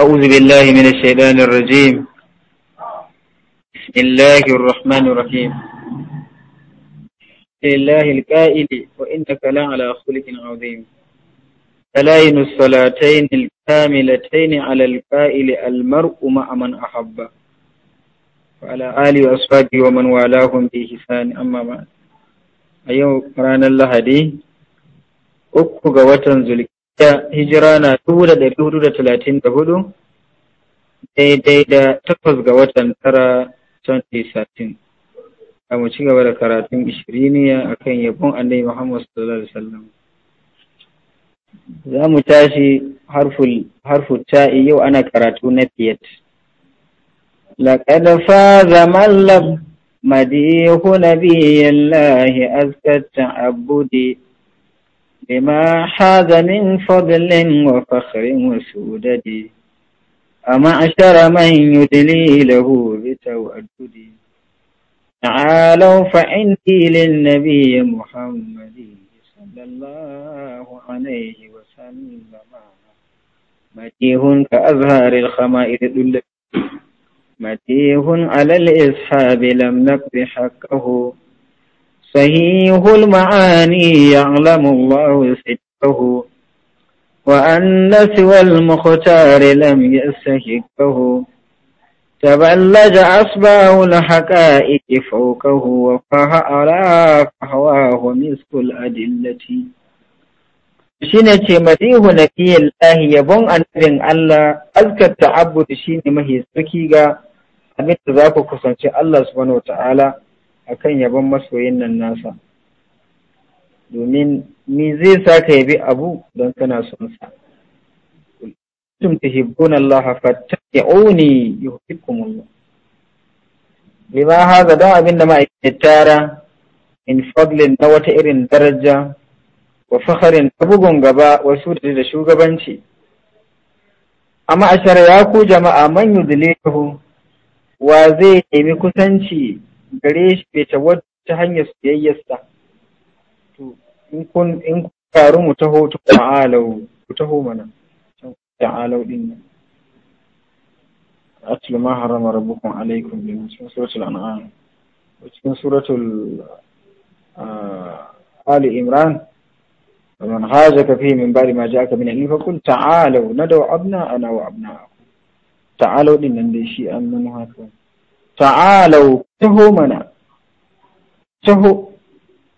أعوذ بالله من الشيطان الرجيم بسم الله الرحمن الرحيم لله القائل وإنك لعلى خلق عظيم تلاين الصلاتين الكاملتين على القائل المرء مع من أحب وعلى آله وأصحابه ومن والاهم بإحسان أما بعد a yau ranar lahadi uku ga watan hijira na dubu da ɗari hudu da talatin da hudu daidai da takwas ga watan tara 2013 a mu ci gaba da karatun ishiriniya a kan yabon annabi muhammad sallallahu alaihi wasallam za mu tashi harfu ta yau ana karatu na fiyat لقد فاز من لب مديح نبي الله أزكى التعبد بما حاز من فضل وفخر وسودد أمعشر من يدلي له بتودد تعالوا فإني للنبي محمد صلى الله عليه وسلم متيه كأزهار الخمائر دل متيه على الإصحاب لم نقض حقه صحيح المعاني يعلم الله سته وأن سوى المختار لم يستحقه تبلج أصباه الحقائق فوقه وفه على فهواه مسك الأدلة shine ce masihu na nabiyin lahi yabon annabin Allah azkar ta abu shi ne mahi tsarki ga abin da za ku kusanci Allah subhanahu wa ta'ala akan yabon masoyin nan nasa domin ni zai sa ka yabi abu don kana son sa kuntum tuhibbuna Allah fattabi'uni yuhibbukum Allah lima haza don abin da ma'aikata tara in fadlin na wata irin daraja wa fakharin ta bugun gaba wasu da shugabanci amma a shari'a ku jama'a man yudlihu wa zai nemi kusanci gare shi ta hanyar siyayyarsa to in kun in mu taho ta'alau ku taho mana ta'alau din nan atlu ma harama rabbukum alaikum min cikin suratul an'am cikin suratul ali imran ومن هاجك فيه من بعد ما جاءك من العلم فقل تعالوا ندعو أبناءنا وأبناءكم تعالوا لنندشي أمن هكذا تعالوا taho mana taho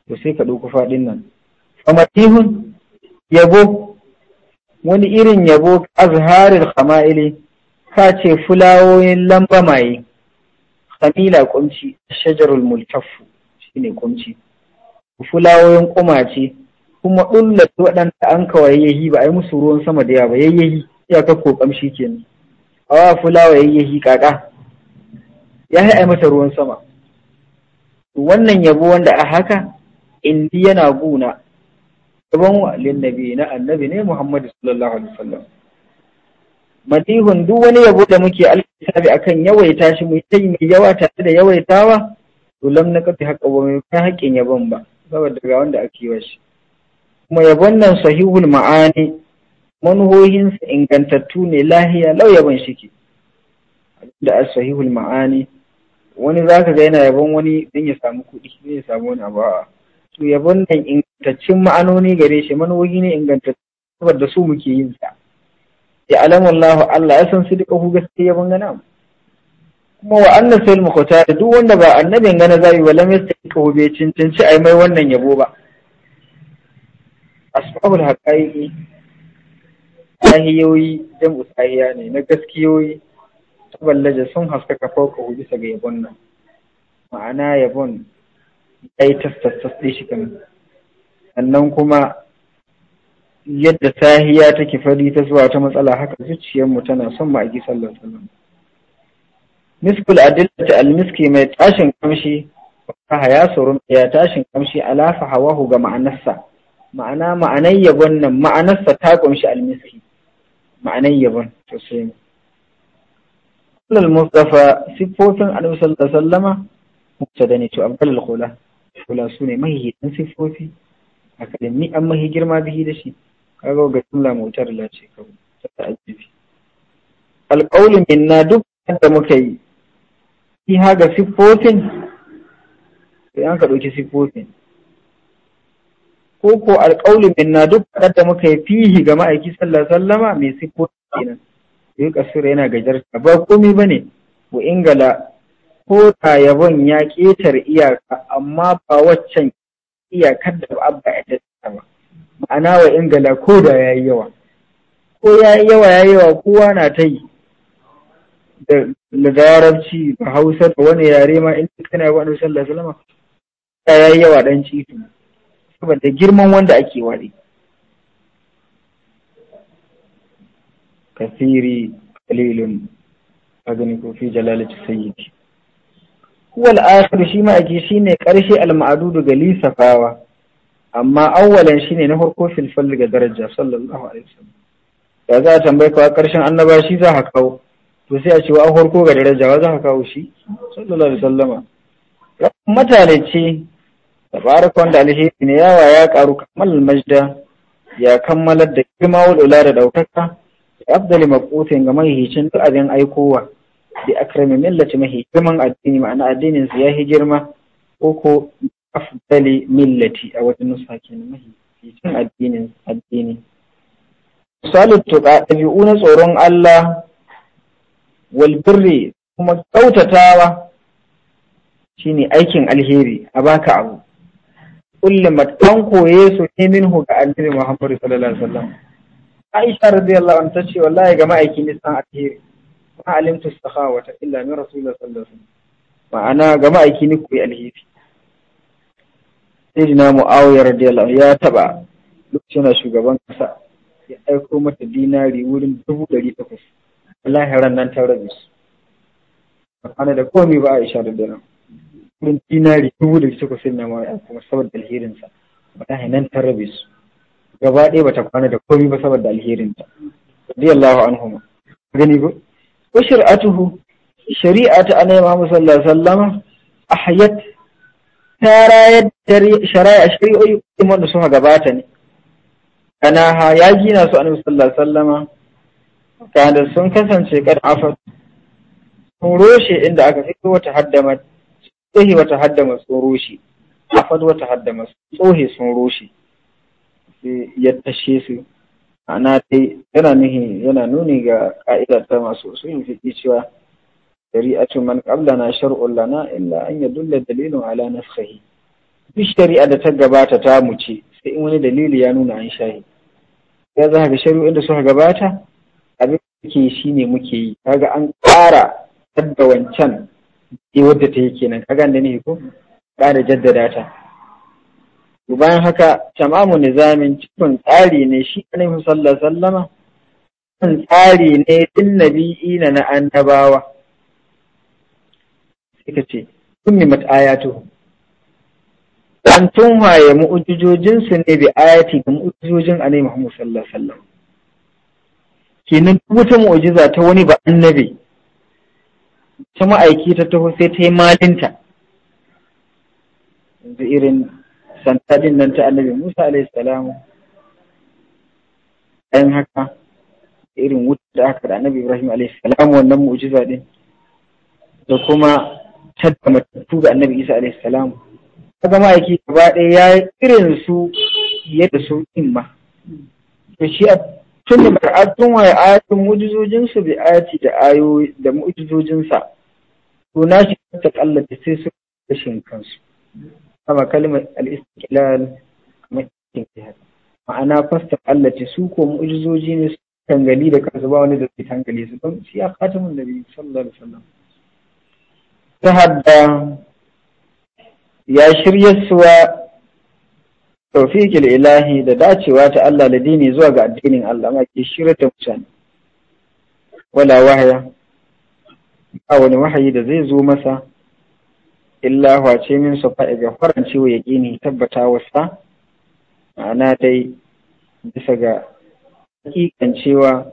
to sai ka ɗauki faɗin nan famatihun yabo wani irin yabo azharin hama'ili ka ce fulawoyin lamba maye kamila kumci shajarul multaffu shine kumci fulawoyin kumace kuma ɗulla waɗanda an kawai yayi ba a musu ruwan sama da yawa ba yayyahi iyakar ko kamshi kenan awa fulawa yayyahi kaka ya haɗa mata ruwan sama wannan yabo wanda a haka indi yana guna gaban walin nabi na annabi ne Muhammadu sallallahu alaihi wasallam madihun duk wani yabo da muke alkitabi akan yawaita shi mu yi mai yawa tare da yawaitawa to lam na kafi haƙa ba mai kan haƙƙin yabon ba saboda ga wanda ake yi shi kuma yabon nan sahihul ma'ani manuhohinsa ingantattu ne lahiya lau yabon shike da sahihul ma'ani wani za ka ga yana yabon wani don ya samu kuɗi don ya samu wani abu a su yabon nan ingantaccen ma'anoni gare shi manohi ne ingantaccen da su muke yin sa ya alamallahu Allah ya san su duka ku gaskiya yabon gana mu kuma wa annas sai da duk wanda ba annabin gana zai wa lam yastaka hu bai cincinci ai mai wannan yabo ba asbabul haqaiqi sahiyoyi jam'u sahiya ne na gaskiyoyi taballaja sun haskaka fauka bisa ga yabon nan ma'ana yabon ya yi tastastas ɗin shi kan sannan kuma yadda sahiya take fari ta zuwa ta matsala haka zuciyarmu tana son mu aiki sallar sallar miskul al almiski mai tashin kamshi faha ya surun ya tashin kamshi alafa hawahu ga ma'anarsa ma'ana ma'anar yabon nan ma'anarsa ta ƙunshi almiski ma'anai yabon sai Abdullal mustafa siffofin annabi sallallahu alaihi musa da ne to abdul khula khula su ne mahi dan siffofi akalin ni an mahi girma bihi da shi kaga ga jumla motar la ce ka ta ta'ajjibi min minna duk da muka yi shi ga siffofin sai an ka ɗauki siffofin ko ko min minna duk da muka yi fihi ga ma'aiki sallallahu alaihi wasallama mai siffofin kenan yi kasura yana gajarta ba komai ne. wa ingala ko ta yabon ya ƙetare iyaka amma ba waccan iyakar da abba ya tattara ba ma'ana wa ingala ko da ya yi yawa ko ya yi yawa ya yi yawa kowa na ta yi da larabci ba hausa da wani yare ma in kana yawa annabi Salama? ya yi yawa dan ciki saboda girman wanda ake wari كثير قليل أغنك في جلالة السيد هو الآخر شيء ما أجي شيني قرشي المعدود قلي سفاوة أما أولا شيني نهر كوفي الفلق درجة صلى الله عليه وسلم da a tambaye ka ƙarshen annaba shi za ka kawo to sai a ce wa horko ga daraja wa za ka kawo shi sallallahu alaihi wasallama mutane ce tabaraka wanda alheri ne yawa ya karu kammal majda ya kammalar da girma wa ula da daukaka afdali maqutin ga mahihicin duk abin aikowa da akrami millati mahi girman addini ma'ana addinin su yi girma ko ko afdali millati a wajen nusa kenan mahihicin addinin addini salit tuqa ɗabi'u na tsoron Allah wal kuma kuma Shi ne aikin alheri a baka abu kullum matan koye su ne minhu ga annabi muhammadu sallallahu alaihi wasallam Aisha radiyallahu anha tace wallahi ga ma'aiki ne san alheri ma alimtu sakhawata illa min rasulullah sallallahu alaihi wasallam ma'ana ga ma'aiki ne koyi alheri sayyidina muawiya radiyallahu ya taba lokacin shugaban kasa ya aiko mata dinari wurin dubu ɗari takwas wallahi ran nan ta rabe su ana da komai ba Aisha radiyallahu wurin dinari dubu ɗari takwas ne na kuma saboda alherinsa wallahi nan ta rabe su gaba ɗaya bata kwana da komai ba saboda alherinta radiyallahu anhu gani ko wa shari'atuhu shari'a ta annabi Muhammad sallallahu alaihi wasallam ahyat ta rayar shari'a shari'o'i kuma da suka gabata ne kana ha ya gina su annabi sallallahu alaihi wasallam kana sun kasance kad afat sun roshe inda aka fito wata haddama tsohi wata haddama sun roshe afat wata haddama tsohi sun roshe sai ya tashe su ana dai yana nuhi yana nuni ga ƙa'ida ta masu usulin fiqi cewa shari'atu man qablana shar'un lana illa an yadulla dalilin ala nafsihi duk shari'a da ta gabata ta mu ce sai in wani dalili ya nuna an shahi ya za ga shari'o'in da suka gabata abin da ke shi ne muke yi kaga an ƙara da wancan wadda ta yi kenan kaga da ne ko ƙara jaddada ta to bayan haka tamamu nizamin cikin tsari ne shi annabi sallallahu sallama cikin tsari ne din Nabii na annabawa sai ka ce mata ayatu an waye mu'ujujojinsu ne bi ayati ga mu'ujujojin annabi Muhammad sallallahu sallama kenan wata mu'ujiza ta wani ba annabi ta ma'aiki ta taho sai ta yi malinta yanzu irin santadin nan ta annabi Musa alaihi salamu ɗan haka irin wuta da aka da annabi Ibrahim alaihi salamu wannan mu'jiza din da kuma tadda matattu da annabi Isa alaihi salamu kaga aiki gaba ɗaya ya yi irin su yadda su in ma to shi a tun da mar'atun wa ayatun mu'jizojinsu bi ayati da ayoyi da mu'jizojinsa to na shi ta kallata sai su kashin kansu kama kalmar al-istiqlal kamar istiqlal ma'ana fasta allace su ko mu'jizoji ne su tangali da kansu ba wani da su tangali su don shi ya da biyu, sallallahu alaihi wasallam ta hadda ya shirya suwa tawfiqil ilahi da dacewa ta Allah da dini zuwa ga addinin Allah ma ke shirya ta mutane wala wahaya Ba wani wahayi da zai zo masa illa wace min su ga faran ciwo ya ƙini tabbata wasa ma'ana dai bisa ga hakikan cewa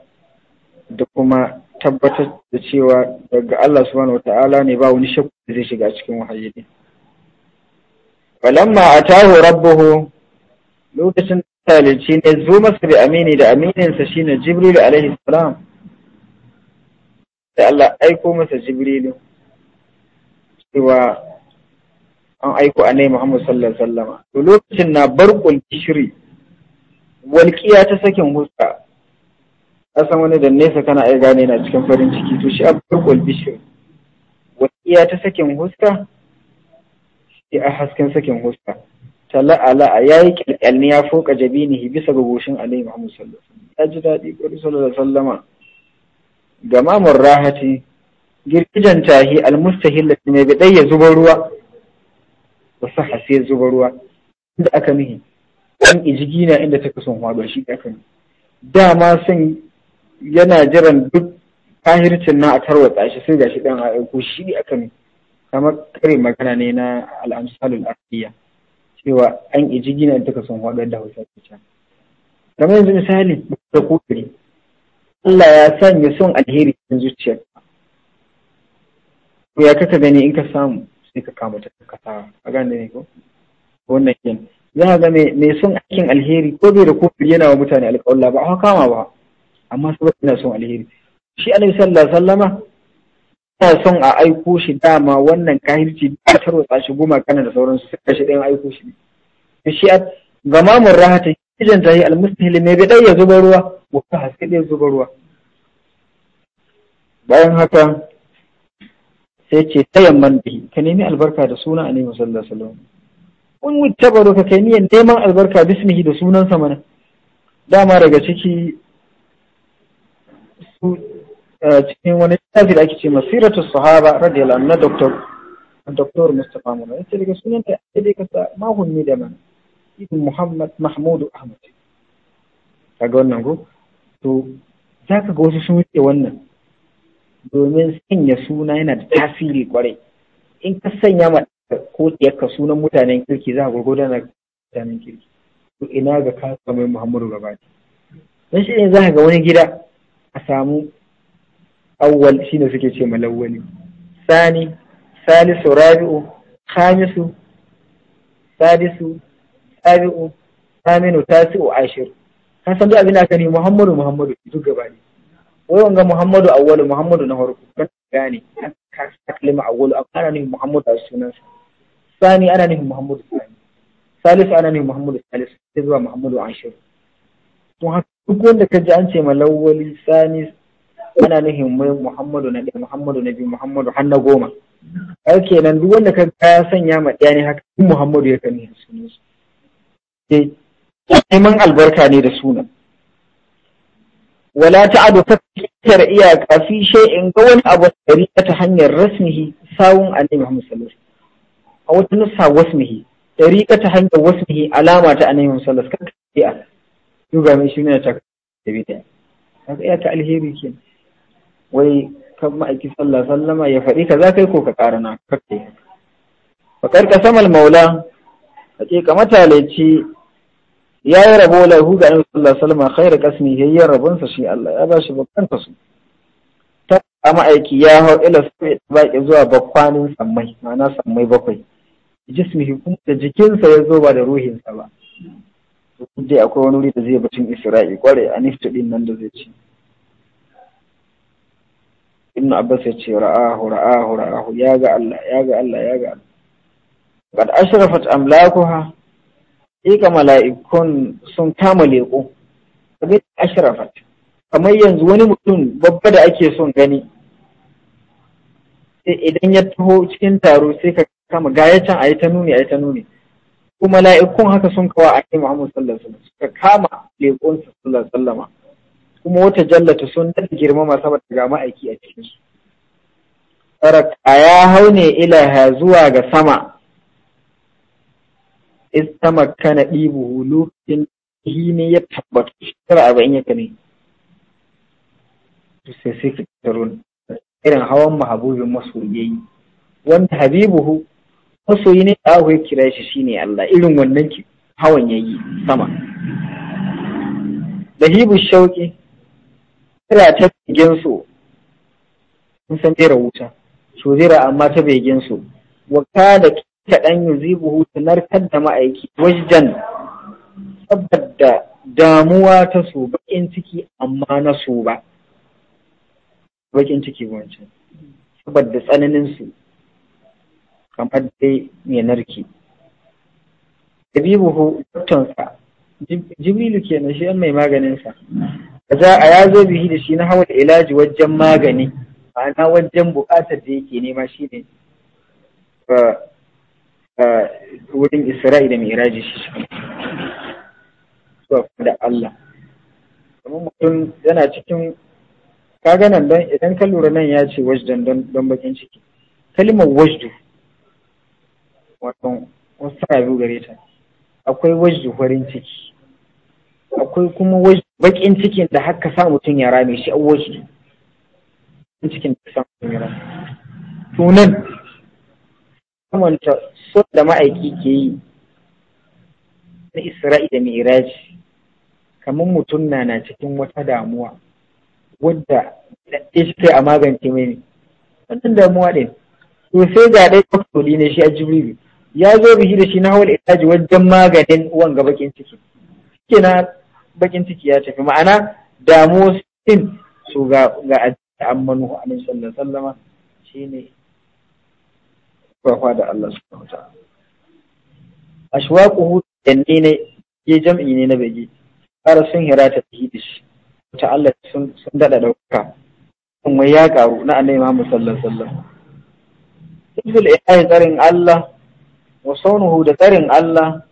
da kuma tabbatar da cewa daga Allah subhanahu wata'ala ne ba wani shakku da zai shiga cikin wahayi balan Falamma a taho rabbuhu lokacin talici ne zo masa da amini da amininsa shine Jibril alaihi salam. Da Allah aiko masa Jibrilu cewa an aiko annabi Muhammad sallallahu alaihi wasallam to lokacin na barkul kishiri walƙiya ta sakin huska asan wani da nesa kana ai gane na cikin farin ciki to shi a barkul kishiri walƙiya ta sakin huska shi a hasken sakin huska tala ala a yayi ne ya foka jabinihi bisa ga goshin annabi Muhammad sallallahu alaihi wasallam ya ji daɗi ƙwari sallallahu alaihi wasallam. gama murrahati girgijan tahi almustahil da ne bidai ya zuba ruwa wasu sai zuba ruwa inda aka mihi an ijigi na inda ta kasan hwado shi aka mihi dama san yana jiran duk kahircin na a tarwatsa shi sai gashi dan a aiko shi aka mihi kamar kare magana ne na al'amsalul ardiya cewa an ijigi na inda ta kasan hwado da hausa ta can kamar yanzu misali da kokari Allah ya sanya son alheri cikin zuciyarka ya kaka gani in ka samu ka kama ta kasawa a gane ne ko wannan yin za ga mai son aikin alheri ko bai da kofi yana wa mutane alƙawalla ba a kama ba amma saboda yana son alheri shi annabi sallallahu alaihi sallama? son a aiko shi dama wannan kahirci ta rotsa shi goma kana da sauransu su. shi ɗayan aiko shi ne shi a mun rahata kijin ta yi almustahili mai bai ɗaya zuba ruwa wata haske ɗaya zuba ruwa bayan haka sai ce yamman bihi ka nemi albarka da suna annabi musallar salam Kun in wuttabaru ka kai niyyar neman albarka bismihi da sunansa mana dama daga ciki su eh, cikin wani tafi da ake ce masiratu sahaba radiyallahu anhu na doktor Mustapha Mura yace daga sunan da ake ka sa mahunni da mana ibn Muhammad Mahmud Ahmad kaga wannan ko to zaka ga wasu sun wuce wannan domin sanya suna yana da tasiri kwarai in ka sanya ma ko ka sunan mutanen kirki za a gurgurda na mutanen kirki to ina ga ka samu Muhammadu Rabati don shi ne za ga wani gida a samu awwal shine suke ce malawwali sani salisu rabi'u khamisu sadisu sabi'u saminu tasi'u ashir ka san duk abin da aka ne Muhammadu Muhammadu duk gaba wai ga Muhammadu awwalu Muhammadu na farko kan gane ka kalma awwalu ana nufin Muhammadu a sunansa sani ana nufin Muhammadu sani salisu ana nufin Muhammadu salisu sai zuwa Muhammadu ashir to duk wanda ka ji an ce malawwali sani ana nufin mai Muhammadu na ɗaya Muhammadu na bi Muhammadu har na goma ai kenan duk wanda ka ga ya sanya ma ɗaya ne haka Muhammadu ya kan nufin sunansa eh, neman albarka ne da sunan wala ta ta ta'adu tattar iyaka fi in ga wani abu dari ta hanyar rasmihi sawun annabi Muhammad sallallahu alaihi wasallam a wata nusa wasmihi dari ta hanyar wasmihi alama ta annabi Muhammad sallallahu alaihi wasallam kan duba mai shi ne ta tabi ta kaga ta alheri ke wai kan ma'aiki sallallahu alaihi wasallama ya faɗi kaza kai ko ka karana kake fa ka samal maula hakika matalaci ya yi rabo lahu ga annabi sallallahu alaihi wasallam khairu qasmi yayyan rabonsa shi Allah ya bashi babban kaso ta ma'aiki ya hau ila sai ki zuwa bakwanin sammai ma'ana sammai bakwai jismihi kuma da jikinsa ya zo ba da ruhinsa ba dai akwai wani wuri da zai batun isra'i kware a nifta din nan da zai ce ibnu abbas ya ce ra'ahu ra'ahu ra'ahu ya ga Allah ya ga Allah ya ga Allah qad ashrafat amlakuha ika mala'ikun sun kama leƙo kaga ashrafat kamar yanzu wani mutum babba da ake son gani sai idan ya taho cikin taro sai ka kama can a yi ta nuni a yi ta nuni ko mala'ikun haka sun kawa a kai muhammadu sallallahu alaihi suka kama leƙon sallallahu alaihi wasallam kuma wata jallata sun da girmama saboda ga ma'aiki a cikin su ya hau ne ilaha zuwa ga sama istamakkana ɗibuhu lokacin shi ne ya tabbata shekara arba'in ya kame sai sai ka tarun irin hawan mahabubin masoyi wanda habibuhu masoyi ne da ya kira shi shine Allah irin wannan ki hawan yayi sama Da hibu shauki kira ta begen su sun san jera wuta so zira amma ta begen su wa kada kaɗan yuzibuhu tunartar da ma'aiki wajen saboda damuwa ta su bakin ciki amma na su ba bakin ciki wancan saboda tsananin su kamar dai mai narki tabibuhu doktonsa jibrilu na shi mai maganinsa za a ya zo bihi da shi na hawa da ilaji wajen magani ma'ana wajen buƙatar da yake nema shi ne wurin isra'i da miraji shi zuwa da Allah kamar mutum yana cikin kaga nan idan ka lura nan ya ce wajdan don bakin ciki kalimar wajdu watan wasu tana biyu gare ta akwai wajdu farin ciki akwai kuma wajdu bakin cikin da haka sa mutum ya rame shi a wajdu bakin cikin da sa mutum ya rame Tunan, so da ma'aiki ke yi na isra'i da mi'raji kamar mutum na na cikin wata damuwa wadda da shi kai a magance mai ne wannan damuwa ɗin to sai ga ɗaya kwakwali ne shi a jibrilu ya zo bihi da shi na da iraji wajen maganin wanga bakin ciki shi na bakin ciki ya tafi ma'ana damuwa sin su ga ga amma nuhu a nan sallama shi ne. kwafa da Allah A shuwa ashwaquhu da ne ke jam'i ne na bege ƙara sun ta ta hidish wata Allah sun daɗa ɗauka sun wai ya ƙaru na annai ma sallallahu sallar. wasallam tibul ilahi tsarin Allah wa saunuhu da tsarin Allah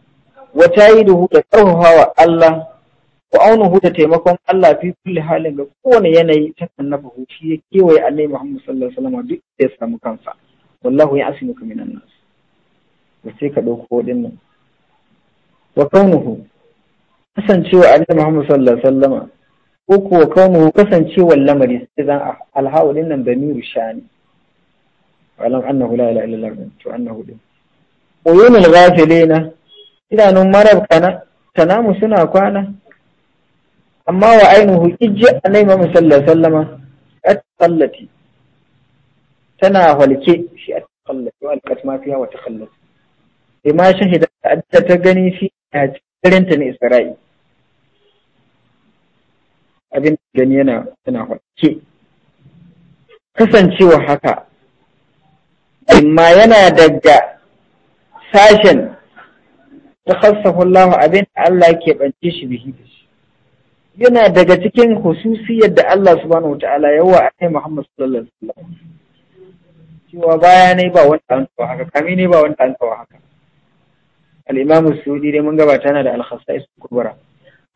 wa tayiduhu da wa Allah wa aunuhu da taimakon Allah fi kulli halin ga kowane yanayi ta annabahu shi ya kewaye annai Muhammad sallallahu alaihi wasallam duk da ya samu kansa wallahu ya asimu ka minan nas ba sai ka ɗauko ɗin nan wa kaunuhu kasancewa annabi Muhammad sallallahu alaihi wasallama ko kuwa kaunuhu kasancewa lamari sai zan alhawo ɗin nan damiru shani alam annahu la ilaha illallah to annahu din uyunul ghafilina idanun marab kana tanamu suna kwana amma wa ainihu ijji annabi Muhammad sallallahu alaihi wasallama at sallati tana walke shi a tsallar yau alqat ma fiha wa takallat sai ma shahida da ta gani shi a cikin ta ne isra'i abin gani yana tana walke kasancewa haka amma yana daga sashen takhassahu Allah abin da Allah ke bance shi bihi da shi yana daga cikin hususiyar da Allah subhanahu wa ta'ala yawa a Muhammad sallallahu alaihi wasallam cewa baya ne ba wani an tsawa haka kami ne ba wani an tsawa haka al'imam imam dai mun gabata na da alhassa isa kubra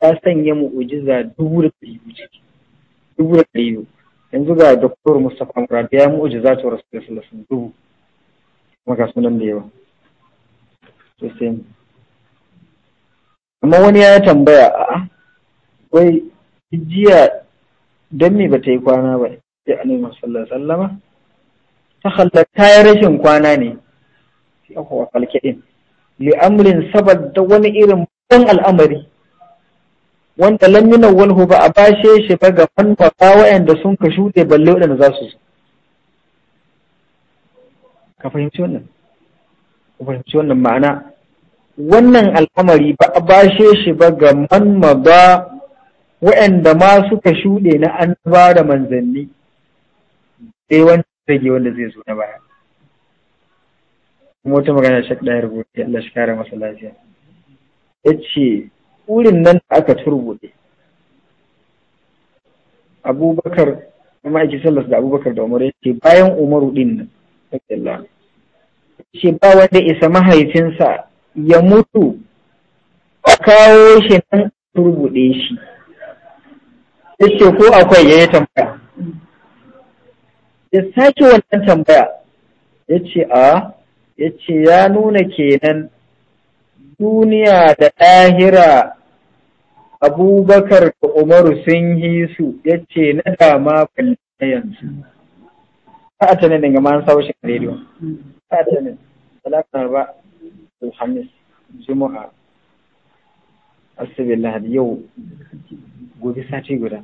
ta sanya mu'ujiza dubu da ɗari ciki dubu da ɗari yanzu ga doktor mustapha murad ya mu'ujiza ta rasul sallallahu alaihi dubu maka sunan da yawa to sai amma wani ya tambaya a wai jiya don me ba ta yi kwana ba ya annabi sallallahu alaihi wasallama ta halatta ya rashin kwana ne sai aka wa kalkidin li'amrin saboda wani irin ban al'amari wanda lam yunawwalhu ba a bashe shi ba ga fanfa wayanda sun ka shuɗe balle waɗanda za su zo ka fahimci wannan ka fahimci wannan ma'ana wannan al'amari ba a bashe shi ba ga man ba waɗanda ma suka shuɗe na an ba da manzanni sai wani rage wanda zai zo na baya kuma wata magana shak da rubuta Allah shi kare masa lafiya Ya ce, wurin nan da aka turbuɗe. Abubakar kuma ake sallas da Abubakar da Umar yace bayan Umaru din nan Ya ce ba wanda isa mahaifinsa ya mutu a kawo shi nan turbuɗe shi ce, ko akwai yayi tambaya ya sake wannan tambaya ya ce a ya ce ya nuna kenan duniya da ɗahira abubakar da umaru sun yi su ya ce na dama balle yanzu ta a tanin daga man sawo shi rediyo ta a tanin talakar ba alhamis juma'a asibin lahadi yau gobe sati guda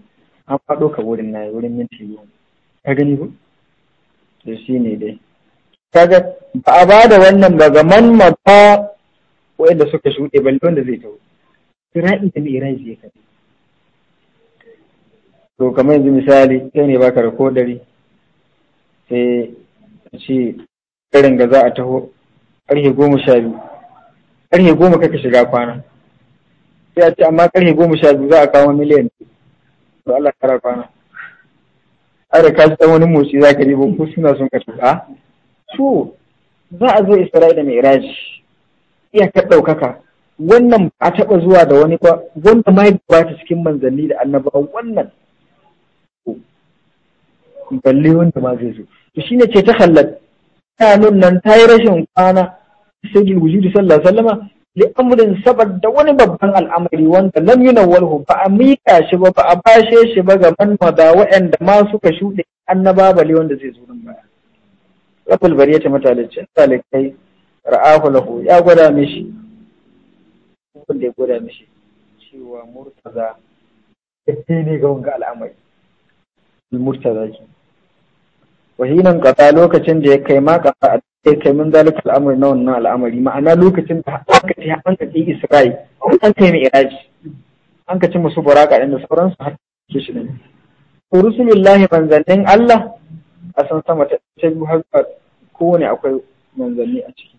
an faɗo ka wurin na wurin minti biyu ka gani ko to shi ne dai kaga ba a bada wannan ba ga man ma wanda suka shuɗe don wanda zai tawo Isra'i da Mi'raj ya kaɗai. To kamar yanzu misali kai ne baka rakodari sai a ce irin ga za a taho ƙarfe goma sha biyu ƙarfe goma kaka shiga kwana sai a ce amma ƙarfe goma sha biyu za a kawo miliyan to Allah kara kwana ai ka kaji wani motsi za ka ba ko suna son ka tuka to za a zo Isra'i da Mi'raj iyakar ɗaukaka wannan a taɓa zuwa da wani ba wanda ma ya ta cikin manzanni da annaba, wannan balle wanda ma zai zo to shi ne ce ta halal ta nan ta yi rashin kwana sai da wujudi sallallahu alaihi li'amrin saboda wani babban al'amari wanda lam walhu, ba a mika shi ba ba a bashe shi ba ga manmada waɗanda ma suka shuɗe annaba bale wanda zai zo nan baya ya ce matalicin talikai ra'ahu lahu ya gwada mishi wanda ya gwada mishi cewa murtaza ne ga wanga al'amari murtaza ke wahinan kasa lokacin da ya kai ma a ya kai mun zalika al'amari na wannan al'amari ma'ana lokacin da aka ce an ka ci isra'i an kai ni iraji an ka ci musu buraka da sauransu har ke shi ne Ku rusulullahi manzannin Allah a san sama ta ce har kowane akwai manzanni a ciki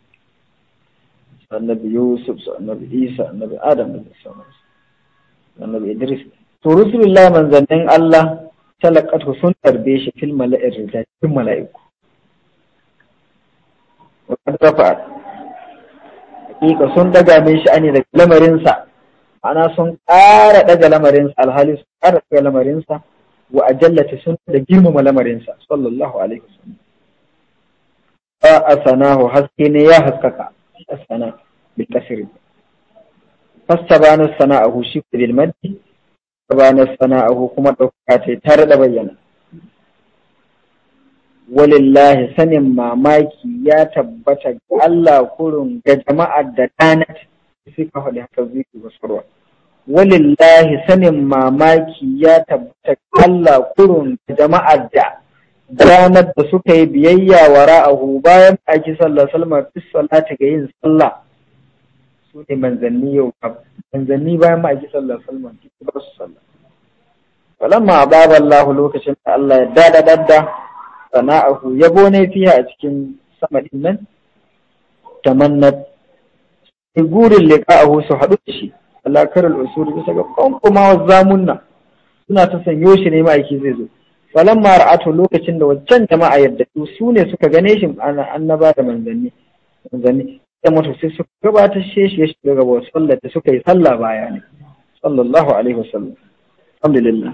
annabi Yusuf annabi Isa annabi Adam da sauransu annabi Idris to rusulullahi manzannin Allah talakatu sun tarbe shi fil mala'ir rijal cikin mala'iku wa qad rafa'at hakika sun daga min shi ani daga lamarinsa ana sun ƙara daga lamarinsa alhali sun ƙara daga lamarinsa wa ajallata sun da girmama lamarinsa sallallahu alaihi wasallam ba asanahu haske ne ya haskaka a asana bil kasri fasabana sana'ahu shi bil maddi bayanar sana'ahu kuma ɗauka ce tare da bayyana walillahi sanin mamaki ya tabbata ga Allah kurun ga jama'ar da kanat suka haɗe haka zuki basurwa walillahi sanin mamaki ya tabbata ga Allah kurun ga jama'ar da ranar da suka yi biyayya wa ra'ahu bayan ake sallah salma fi salati ga yin sallah su ne manzanni yau manzanni bayan ma'aiki sallar salman wasallam ba su ma falamma ababa Allah lokacin da Allah ya dada dadda sana'ahu yabo ne fiya a cikin sama din nan ta tamannat gurin liqa'ahu su haɗu da shi alakar al'usur bisa ga kwankumawar zamunna suna ta sanyo shi ne ma'aiki zai zo falamma ra'atu lokacin da waccan jama'a yadda su ne suka gane shi annaba da manzanni manzanni ya mutu sai suka gabatar shi shi ya shiga gaba sallar da suka yi sallah baya ne sallallahu alaihi wasallam alhamdulillah